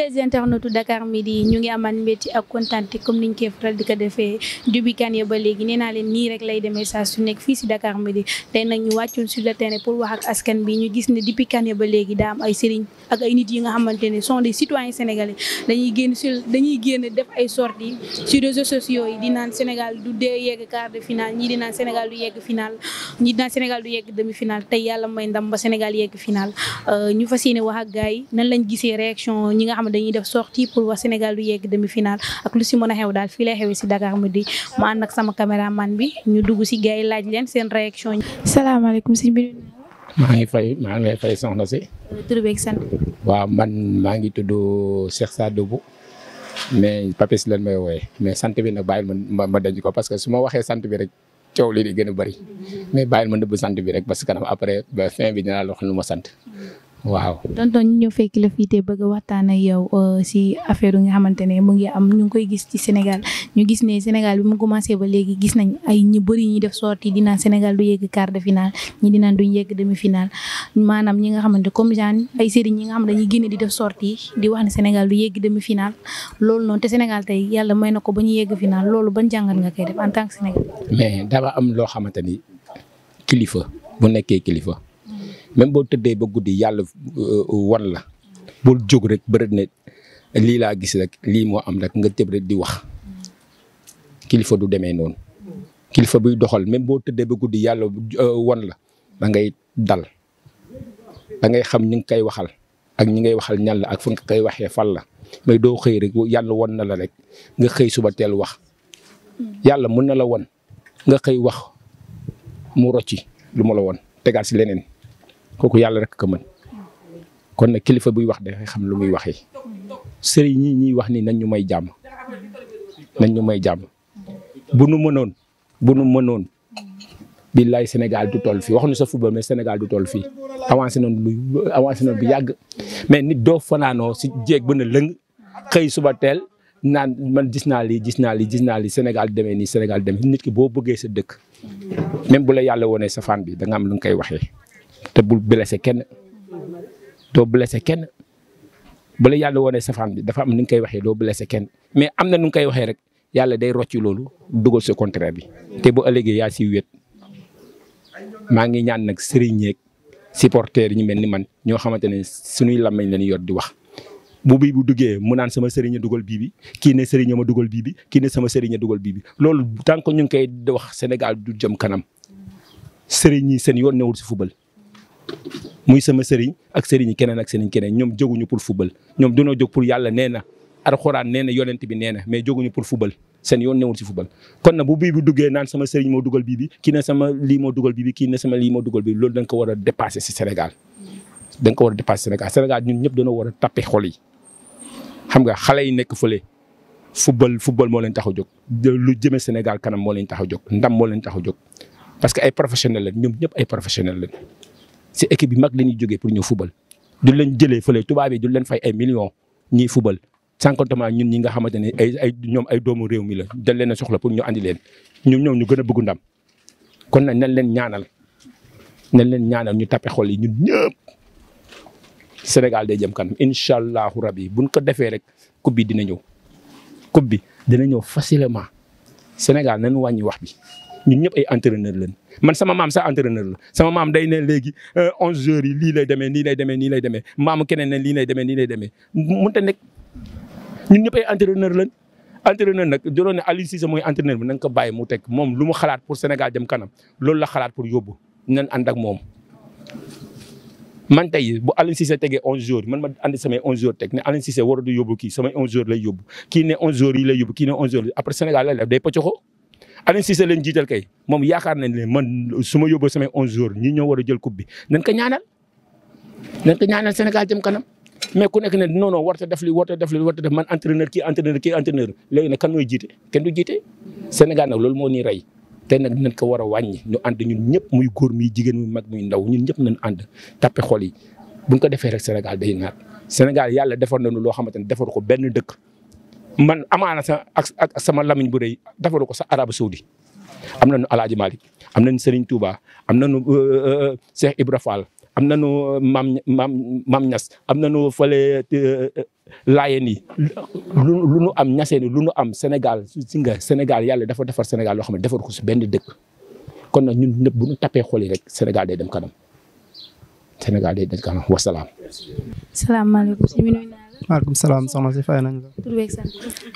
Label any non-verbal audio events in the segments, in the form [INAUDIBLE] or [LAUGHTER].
des internautes Dakar Midi ñu ngi amaan mbétti ak kontaante comme niñ koy faral di ko defee jubikaan ya ba léegi nee leen nii rek lay demee saa su nekk fii si Dakar Midi tey nag ñu wàccul sur le terrain bi ñu gis ne depuis kan ya ba léegi daa am ay sëriñ ak ay nit yi nga xamante ne sont des citoyens sénégalais dañuy génn sur dañuy génn def ay sorties sur réseaux sociaux yi di naan Sénégal du dee yegg quart de finale ñii di naan Sénégal du yegg final ñii di naan Sénégal du yegg demi final te yàlla may ndam ba Sénégal yegg final euh, ñu fas yéene wax xam ne dañuy def sortie pour waa Sénégal du yegg demi-finale ak lu si a xew daal fii lay xewee si Dakar mu di mu ànd ak sama caméraman bi ñu dugg si gars yi laaj leen seen réaction. salaamaaleykum si biir. maa ngi fay maa ngi lay fay si. tur beeg sant. waaw man maa ngi tudd Cheikh Sadibou mais Papis lan may wooye mais sant bi nag bàyyil ma ma denc ko parce que su ma waxee sant bi rek coow li di gën a bëri mais bàyyil ma nëbb sant bi rek parce que kanam après ba fin bi dinaa la wax lu ma sant. waaw tonton ñu ñëw fekk la fii te bëgg waxtaan ak yow euh, si affaire yi nga xamante ne mu ngi am ñu ngi koy gis ci Sénégal ñu gis ne Sénégal bi mu commencé ba léegi gis nañ ay ñu bëri ñuy def sorti dinaan Sénégal du yegg quart de finale ñi dinaan duñ yegg demi finale maanaam ñi nga xamante comme genre ay sëriñ ñi nga xam ne dañuy génne di def sorti di wax ne Sénégal du yegg demi finale loolu noonu te Sénégal tey yàlla may na ko ba ñu yegg finale loolu ban jàngat nga koy def en tant Sénégal. mais dama am loo xamante ni kilifa bu nekkee kilifa. même boo tëddee ba guddi yàlla euh, euh, wan la bul jóg rek bërët ne lii laa gis rek lii moo am rek nga tëb rek di wax kilifa du demee noonu kilifa buy doxal même boo tëddee ba guddi yàlla euh, wan la da ngay dal da xam ñi ngi koy waxal ak ñi ngay waxal ñan la ak fu koy waxee fan la mais doo xëy rek yàlla wan na la rek nga xëy suba teel wax yàlla mun na la wan nga xëy wax mu rocci lu ma la wan tegaat si leneen kooku yàlla rek ko mën kon nag kilifa buy wax dafay xam lu muy waxee sëriñ ñi ñuy wax nii nañ ñu may jàmm nañ ñu may jàmm bu nu mënoon bu nu mënoon billaay Sénégal du toll fii waxuñu sa football mais Sénégal du toll fii avancé noonu lu avancé noonu bu yàgg mais nit doo fanaanoo si jéeg ba na lëng xëy suba teel naan man gis naa lii gis naa lii gis naa lii Sénégal demee nii Sénégal demee nit ki boo bëggee sa dëkk même bu la yàlla wonee sa fan bi da nga am lu nga koy waxee te bul blessé kenn doo blessé kenn bala yàlla wone safaan bi dafa am ni nga koy waxee doo blessé kenn mais am na nu nga koy waxee rek yàlla day rocci loolu dugal sa contraire bi te bu ëllëgee yaa si wéet maa ngi ñaan nag sëriñ yeeg supporters yi ñu mel ni man ñoo xamante ne suñuy làmmiñ la ñuy yor di wax bu bii bu duggee mu naan sama sëriñ dugal bii bi kii ne sëriñ ma dugal bii bi kii ne sama sëriñ a dugal bii bi loolu tant que ñu ngi koy wax Sénégal du jëm kanam sëriñ yi seen yoon newul si fubal muy sama sëriñ ak sëriñ keneen ak sëriñ keneen ñoom jóguñu pour football ñoom dañoo jóg pour yàlla nee na alxuraan nee na yonent bi nee na mais jóguñu pour football seen yoon newul si football. kon na bu bii bi duggee naan sama sëriñ moo dugal bii bi kii na sama lii moo dugal bii bi kii na sama lii dugal bii loolu da nga ko war a dépassé si Sénégal da nga ko war a dépassé Sénégal Sénégal ñun ñëpp dañoo war a tappe xol yi xam nga xale yi nekk fële football football moo leen tax a jóg lu jëmee Sénégal kanam moo leen tax a jóg ndam moo tax a jóg parce que ay professionnels lañ ñoom ñëpp ay professionnels lañ si équipe bi mag la ñuy jógee pour ñëw fubal du leen jëlee fële tubaab yi du leen fay ay millions ñuy fubal sans comptement ñun ñi nga xamante ne ay ñoom ay doomu réew mi la dañ leen a soxla pour ñu andi leen ñun ñoom ñu gën a bëgg ndam kon nag nañ leen ñaanal nañ leen ñaanal ñu tappe xol yi ñun ñëpp Sénégal day jëm kanam incha allahu rabi buñ ko defee rek coupe bi dina ñëw coupe bi dina ñëw facilement Sénégal nañ wàññi wax bi. ñun ñëpp ay entraîneur lañ man sama maam sax entraîneur la sama maam day ne léegi euh, onze joueurs lii lay demee nii lay demee nii lay demee maamu keneen ne lii lay demee nii lay demee mënut a nekk ñun ñëpp ay entraîneur lañ. entraîneur nag doon ne Aliou Cissé mooy entraîneur bi na nga ko bàyyi mu teg moom lu mu xalaat pour Sénégal dem kanam loolu la xalaat pour yóbbu nañ ànd ak moom. man tey bu Aliou Cissé tegee onze jours man ma andi samay onze jours teg ne Aliou Cissé waratu yóbbu kii ko Aliou Cissé leen jiital kay moom yaakaar nañ ne man su ma yóbboo samay onze jours ñi ñoo war a jël coupe bi nañ ko ñaanal nañ ko ñaanal senegal jëm kanam mais ku nekk ne non non warta def li warta def li warta def man entraîneur kii entraîneur kii entraîneur léegi nag kan mooy jiite kenn du jiite Sénégal loolu moo ni rey te nag nañ ko war a wàññi ñu ànd ñun ñëpp muy góor muy jigéen muy mag muy ndaw ñun ñëpp nañ ànd tappe xol yi buñ ko defee rek Sénégal bay naat Sénégal yàlla defar nu loo xamante ne defar ko benn dëkk man amaana sa ak ak sama lamiñ bu rëy defalu ko sa arabu saudi am na nañu Alaaji Malik am nañu Serigne Touba am nañu euh, euh, euh, Cheikh Ibra Fall am nañu Mam Mam Mam Ñas am nañu fële Laayeen yi lu lu nu am Ñaseen lu nu am senegal si nga Sénégal yàlla dafa defar Sénégal loo xam ne defar ko si benn dëkk kon nag ñun ñëpp bu ñu tapee xol rek Sénégal day dem kanam Sénégal day dem kanam wasalaam. maaleykum salaam soxna si fay nañ la. tur beeg sant.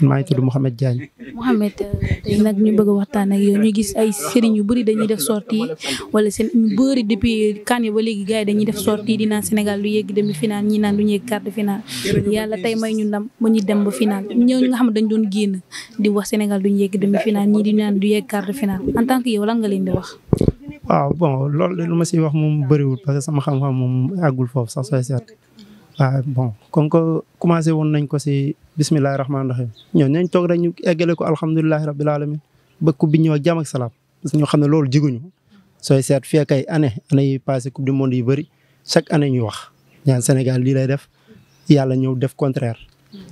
maa ngi tudd Mouhamed Diagne. Mouhamed euh, nag ñu bëgg a waxtaan ak yow ñu gis ay sëriñ yu bëri dañuy def sortie wala seen bëri depuis kan ba léegi gars yi dañuy def sortie di naan Sénégal lu yegg demi final ñi naan lu ñu yegg quart de final tey may ñu ndam ba ñu dem ba final ñooñu nga xam dañ doon génn di wax Sénégal du ñu yegg demi final ñii di naan du yegg quart de final en tant que yow lan nga leen di wax. waaw bon loolu lu ma siy wax moom bëriwul parce que sama xam-xam moom àggul foofu sax sooy seet waaw ah, bon comme que commencé woon nañ ko si bisimilah rahmaani rahiim ñoom nañ toog rek ñu eggale ko alhamdulilah rabbil alamin ba coupe bi ñëw ak jàmm ak salaam ñoo xam ne loolu jiguñu sooy seet fii ak ay année année yi passé coupe du monde yu bëri chaque année ñu wax ñaan Sénégal lii lay def yàlla ñëw def contraire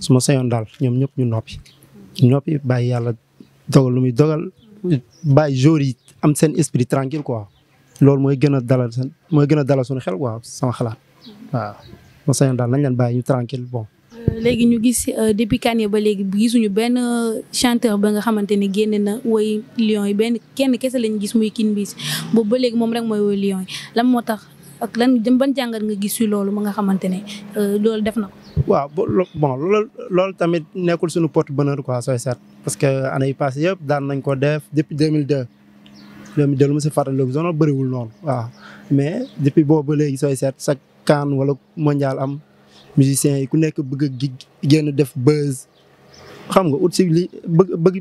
su ma sañoon daal ñoom ñëpp ñu noppi. ñu noppi bàyyi yàlla dogal lu muy dogal bàyyi jour yi am seen esprit tranquille quoi loolu mooy gën a dalal seen mooy gën a dalal suñu xel quoi sama xalaat ma sañoon daal ñu tranquille bon. Euh, léegi ñu gis euh, depuis Kanye ba léegi gisuñu ba nga xamante ne génne na woy Lions yi benn kenn kese lañ gis muy Queen Biz boobu ba léegi moom rek mooy woy Lions lan moo tax ak lan ban jàngat nga gis si loolu ma nga xamante ne euh, loolu def na ko. waaw bon loolu loolu tamit nekkul suñu porte-bonheur ko sooy seet parce que année yi passé yëpp daan nañ ko def depuis 2002. 2002 lu ma si fàttaliku zone bëriwul noonu waaw mais depuis boobu ba léegi sooy seet kaan wala mondial am musiciens yi ku nekk bëgg a gi génn def buzz xam nga ut si li bëgg bëgg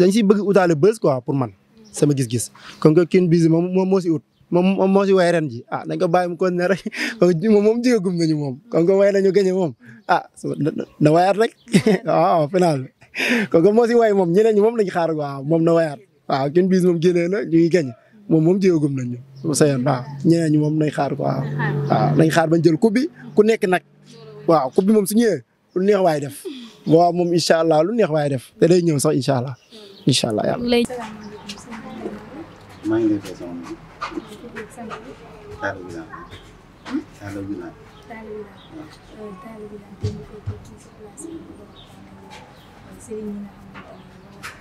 dañ siy bëgg utaale buzz quoi pour man sama gis-gis kon que Queen Biz moom moom moo si ut moom moo si way ren ji ah nañ ko bàyyi mu continuer rek [LAUGHS] moom moom jigagum nañu moom kon que way nañu gañe moom ah na wayaat rek [LAUGHS] waaw final bi kon que moo si way moom ñeneen ñi moom lañ xaar waaw moom na wayaat waaw Queen Biz moom génnee na ñu ngi gañe moom moom jigagum nañu Seye waaw ñeneen ñi moom nañ xaar quoi waaw nañ xaar bañ jël coupe bi ku nekk nag waaw coupe bi moom su ñëwee neex waay def waaw moom incha allah lu neex waay def te day ñëw sax incha allah incha allah yàlla.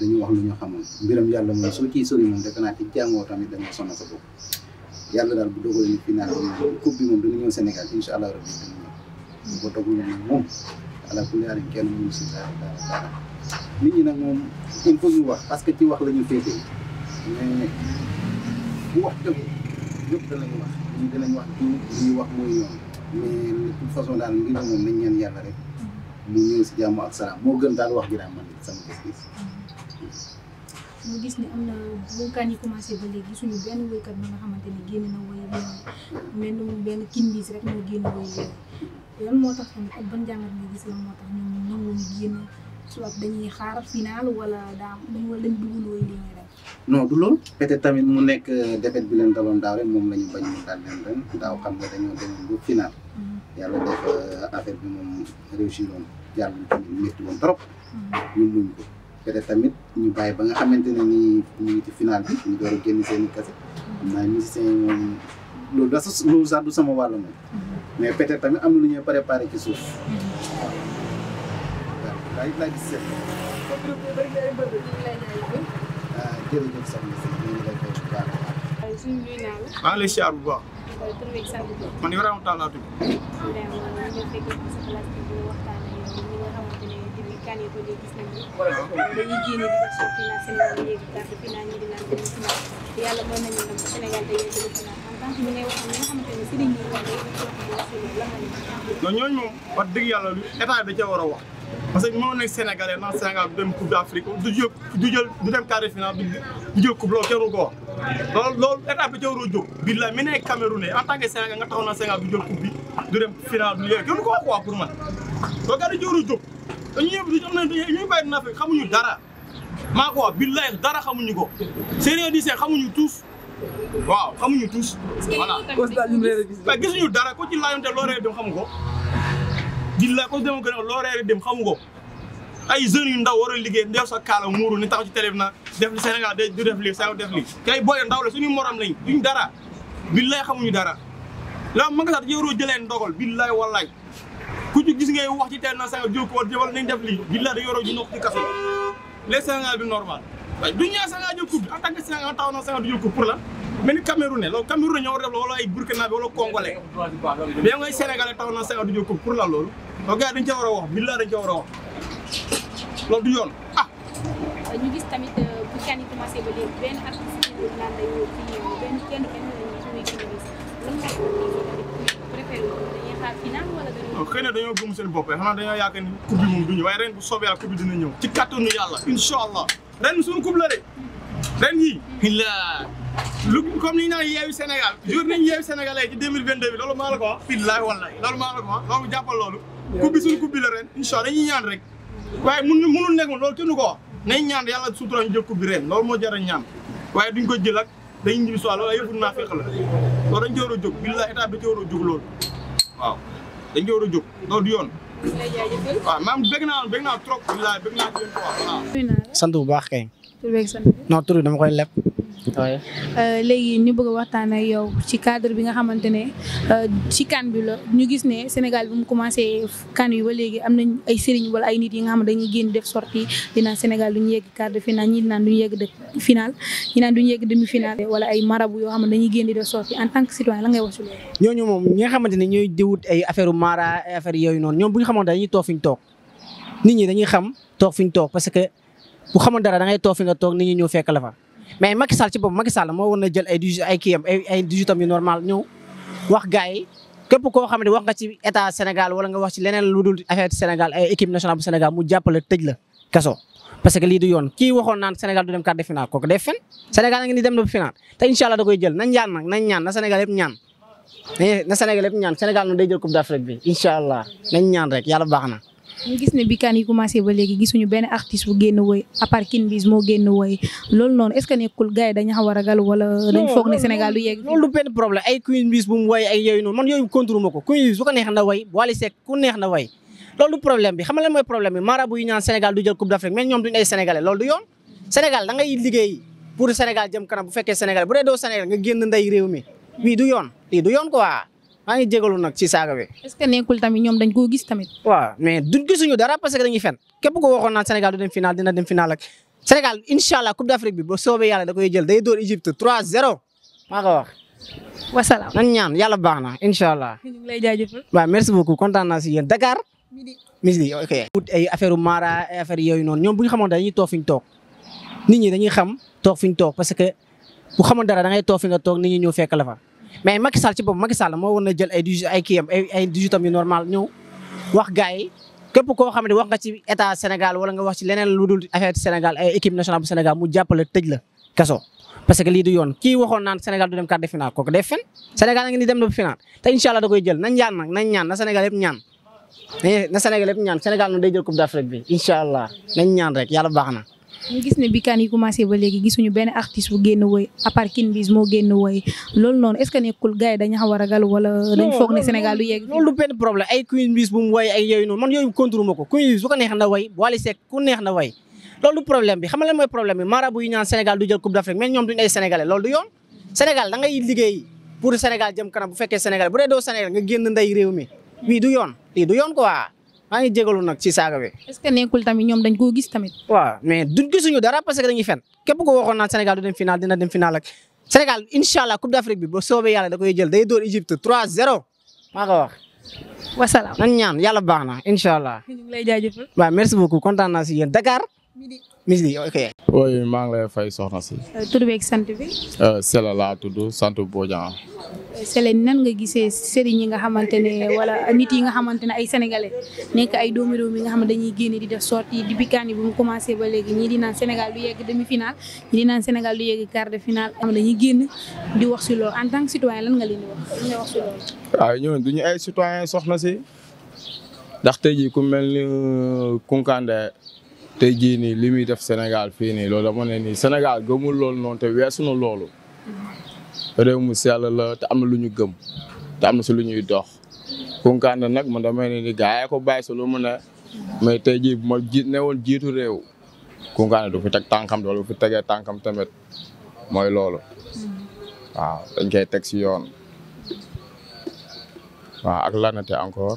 dañuy wax lu ñu xamoon mbiram yàlla moom soo ciy sori moom defe naa ci jàngoo tamit da nga sonal sa bopp yàlla daal bu dogoon ni final bi coupe bi moom dana ñëw Sénégal incha allah rabbi dana ñëw ba dogoon na moom ala kulli alim kenn mënu si dara dara nit ñi nag moom il faut ñu wax parce que ci wax la ñu féetee mais bu wax jotee ñëpp danañ wax ñii danañ wax kii ñuy wax mooy yoon mais de toute façon daal mbir moom nañ ñaan yàlla rek mu ñëw si jàmm ak salaam moo gën daal wax gi daal man sama gis-gis. moo gis ni am na wóykat yi commencé ba léegi gisuñu benn wóykat bi nga xamante ne génn na woy mel ni benn kindiis rek moo génn woy lan moo tax tamit ak ban jàngat nga gis lan moo tax ñoom nanguwuñ génn soit dañuy xaar final wala daa dañ wala dañ dugal woy li ñuy rek non du loolu peut-être tamit mu nekk euh, défaite bi leen daloon daaw rek moom la ñu bañ mu daal leen ren daaw xam nga dañoo demoon bu mm-hmm. euh, bi moom réussir te tamit ñu bàyyi ba nga xamante ne nii ñu ngi ci final bi ñu door a seen i kase xam naa musicien yi moom loolu da sama wàll moom mais peut-être tamit am na lu ñuy préparé ci suuf waaw waaw laa gis seen ah, année yàlla mooy ñooñu moom wax dëgg yàlla état bi da ca war parce que moo nekk Sénégalais naan Sénégal du dem coupe d'Afrique du jël du jël du dem quart de finale du jël coupe loolu bi da du du dem finale du yéeg kenn ko wax quoi pour man loolu gaa di dañu yëpp du am na ñuy bàyyi na fekk xamuñu dara maa ko wax billahi dara xamuñu ko sérieux di see xamuñu tous waaw xamuñu tous voilà mais gisuñu dara ko ci laayonte loo reer dem xamu ko billahi ko dem gën a loo reer dem xamu ko ay jeunes yu ndaw war a liggéey ndeew sa kaala muuru ni tax ci télé na def li Sénégal day du def lii sa def lii kay booy ndaw la suñu morom lañ duñ dara billahi xamuñu dara la ma nga sax yow waroo jëleen ndogal billahi wallahi ku ñu gis ngay wax ci teel na sanga jóg ko wala nañ def lii billaa da yoroo ju nokk ci kaso les Sénégal du bi en tant que Sénégal taw na Sénégal du jël coupe pour lan mel ni Cameroun ne loolu Cameroun ñoo war a def wala ay Burkina bi wala Congolais mais ngay Sénégalais taw na Sénégal du jël coupe loolu loolu a wax billaa dañ a wax loolu du yoon ah xëy na dañoo gëm seen bopp xam naa dañoo yaakaar ni coupe bi moom du ñëw waaye ren bu soobee yàlla coupe bi dina ñëw ci kàttanu yàlla incha allah ren suñu coupe la de ren yii la lu comme ni ñu naan yeewu Sénégal jour nañu yeewu Sénégalais ci 2022 bi loolu maa la ko wax billahi wallahi loolu maa la ko wax loolu jàppal loolu coupe bi suñu coupe bi la ren incha allah dañuy ñaan rek waaye mun mënul nekk loolu kenn ko wax nañ ñaan yàlla sutura ñu jël coupe bi ren loolu moo jar a ñaan waaye duñ ko jël ak dañuy ñibbi si waat loolu ay yëfu naa fekk la loolu dañ ci war a jóg billahi état bi ci war a jóg loolu waaw dañ ko a du yoon. waaw maam bëgg naa bëgg naa trop. bilaay bëgg sant bu baax kay. non tur bi dama koy leb. Euh, léegi ñu bëgg waxtaan ak yow ci cadre bi nga xamante ne euh, ci kan bi la ñu gis ne Sénégal bi mu commencé kan yi ba léegi am nañ ay sëriñ wala ay nit yi nga xam ne dañuy génn def sortie dinaan Sénégal du ñu yegg quart de finale ñii naan du ñu yegg de finale ñi naan du ñu yegg demi finale wala ay marab yoo xam ne dañuy génn di def sortie en tant que citoyen la ngay wax ci loolu. ñooñu moom ñi nga xamante ne ñooy diwut ay affaire mara ay affaire yooyu noonu ñoom bu ñu xamante dañuy toog fi ñu toog nit ñi ñu toog ku xamul dara da ngay toog fi nga toog nit ñi ñëw fekk la fa. mais Macky Sall ci boppam Macky Sall moo war jël ay digi ay kii am normal ñëw wax gars yi képp koo xam ne wax nga ci état Sénégal wala nga wax ci leneen lu dul affaire Sénégal ay équipe nationale bu Sénégal mu jàppale tëj la kaso. parce que lii di yoon ki waxoon naan Sénégal du dem quart de finale kooku day fen Sénégal ngi ni dem na finale te incha allah da jël nañ ñaan nag nañ ñaan na Sénégal yëpp ñaan eh, na Sénégal yëpp ñaan Sénégal incha allah nañ ñaan rek yàlla baax na ñu gis ne bi kan yi commencé ba léegi gisuñu benn artiste bu génn woy à part Queen Biz moo génn woy loolu noonu est-ce que nekkul gars yi dañu xaw dañ foog ne Sénégal du yegg loolu du problème bu mu woy ay yooyu noonu man yooyu contre ma ko Queen bi xam mooy problème bi marabu yi ñaan Sénégal du jël coupe d'Afrique mais ñoom duñu ay sénégalais loolu du yoon Sénégal da liggéey pour Sénégal jëm kanam bu fekkee Sénégal bu dee doo Sénégal nga génn nday réew mi du yoon lii du yoon quoi maa ngi jégalu nag ci saaga bi. est-ce que nekkul tamit ñoom koo gis tamit. waaw mais du gisuñu dara parce que dañuy fen képp ko waxoon naan Sénégal du dem final dina dem final ak Sénégal incha allah Coupe d'Afrique bi ba soobee yàlla da koy jël day dóor Égypte 3-0 maa ko wax. wasalaam nan ñaan yàlla baax na incha allah. lay jaajëfal. waaw merci beaucoup kontaana si yéen Dakar. midi midi ok. ay affaire Mara ay yooyu noonu ñoom bu ñu xamoon dañuy toog fi ñu toog nit ñi dañuy xam toog fi ñu toog parce que bu xamoon dara da ngay toog fi nga toog nit ñi ñëw fekk la fa mais Macky Sall ci boppam Macky moo war na jël ay digi ay kiyam ay normal ñëw wax gars yi képp koo xam ne wax nga ci état Sénégal wala nga wax ci leneen lu dul affaire Sénégal ay équipe nationale bu Sénégal mu jàppale tëj la kaso. parce que lii di yoon kii waxoon naan Sénégal du dem quart de finale kooku day fen Sénégal a ngi ni dem na final te incha da koy jël na ñaan nag na Sénégal yëpp ñaan na Sénégal yëpp ñaan Sénégal noonu day jël coupe d'Afrique bi incha allah nañ ñaan rek yàlla baax na ñu gis ne bi kan yi commencé ba léegi gisuñu benn artiste bu génn woy à part Queen Biz moo génn woy loolu noonu est ce que nekkul gars yi dañu a ragal wala dañ foog ne Sénégal du yegg loolu du benn problème bu mu woy ay yooyu noonu man yooyu contrôle bi xam mooy problème bi marabu yi ñaan Sénégal du jël coupe d'Afrique mais ñoom duñu ay sénégalais loolu du yoon Sénégal da liggéey pour Sénégal jëm kanam bu fekkee Sénégal bu dee doo Sénégal nga génn nday réew mi du yoon lii du yoon quoi maa ngi jégalu nag ci saaga bi. est-ce que nekkul tamit ñoom dañ koo gis tamit. waaw mais du gisuñu dara parce fen képp ko waxoon naan Sénégal du dem final dina dem final ak Sénégal incha allah coupe bi ba soobee yàlla da koy jël day dóor Égypte 3-0 maa ko wax. wasalaam nañ ñaan yàlla baax na incha allah. [LAUGHS] ñu ngi lay jaajëfal. waaw merci beaucoup kontaan naa si yéen Dakar. midi ok. oui maa ngi lay fay soxna si. Euh, tur beeg sant bi. Euh, Sela laa tudd sant Bodian. Euh, Sela nan nga gisee sëriñ nga xamante ne wala nit yi nga xamante ne ay sénégalais nekk ay doomi réew mi nga xam ne dañuy génne di def sortie di bikaani bu mu commencé ba léegi ñii di naan Sénégal du yegg demi final ñii di naan Sénégal du yegg quart de finale am dañuy génn di wax si loolu en tant que citoyen lan nga leen di wax lan nga wax si loolu. waaw ñooñu du ñu ay citoyen soxna si ndax tey ku mel ni Kunkandé tey jii nii li muy def Sénégal fii nii loolu dama ne nii Sénégal gëmul loolu noonu te loolu réew mu sell la te am na lu ñu gëm am na si lu ñuy dox Koukandé nag man damay ne ni gars yi ko si lu mu ne mais tey jii bu ma ji ne jiitu réew Koukandé du fi teg tànkam wala fi tegee tànkam tamit mooy loolu waaw dañ koy teg si yoon waaw ak lanate encore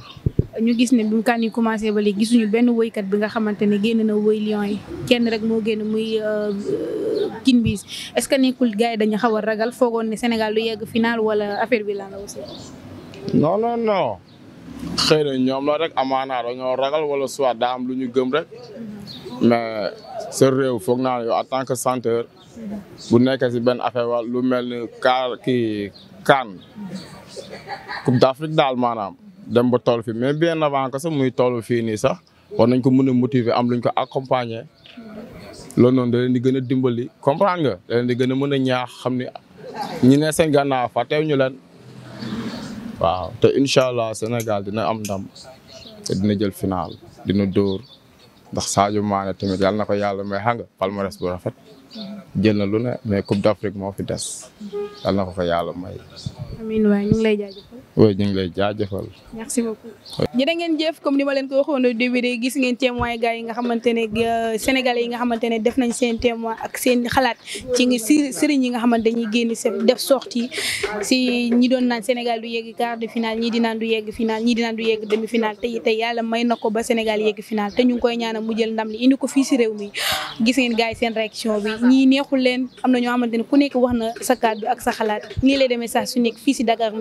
ñu gis ne bu kan yi commencé ba léegi gisuñu benn woykat bi nga xamante ne génn na woy lion yi kenn rek moo génn muy euh, euh, kin biis est-ce que nekkul yi dañu xaw a ragal foogoon ne Sénégal du yegg final wala affaire bi lan la aussi. ñoom la rek amaanaa dañoo ragal wala soit daa am lu ñu gëm rek mais sa foog naa yow en tant que chanteur bu nekkee benn affaire wala lu mel ni kaar kii CAN Coupe d'Afrique daal maanaam. dem ba tool fi mais bien avant sax muy tool fii nii sax war nañ ko mën a motiver am luñ ko accompagner loolu noon da leen di gën a dimbali comprendre nga da leen di gën a mën a ñaax xam ni ñi ne seen gànnaaw fàttewu ñu leen waaw te incha allah Sénégal dina am ndam dina jël final dina dóor ndax Sadio Mané tamit yàlla na ko yàlla may xam nga bu rafet. jël na lu ne mais Coupe d'Afrique moo fi des yal na ko fa yàlla may. amiin ko waxoon au début yi nga xamante ne euh, Sénégalais yi nga xamante ne def nañ seen témoin ak seen xalaat ci ngi si sëriñ nga xamante dañuy génn se def sortie si ñi doon naan Sénégal du yegg quart de finale ñii di naan du yegg finale ñii di naan du yegg may na ko ba Sénégal yegg finale te ñu ngi koy ñaanal mu jël ndam li indi ko fii si réew mi gis ngeen gars seen réaction bi ñii neexul leen am na ñoo xamante ne ku nekk wax na sa kàddu ak sa xalaat nii lay demee saa su nekk fii si Dakar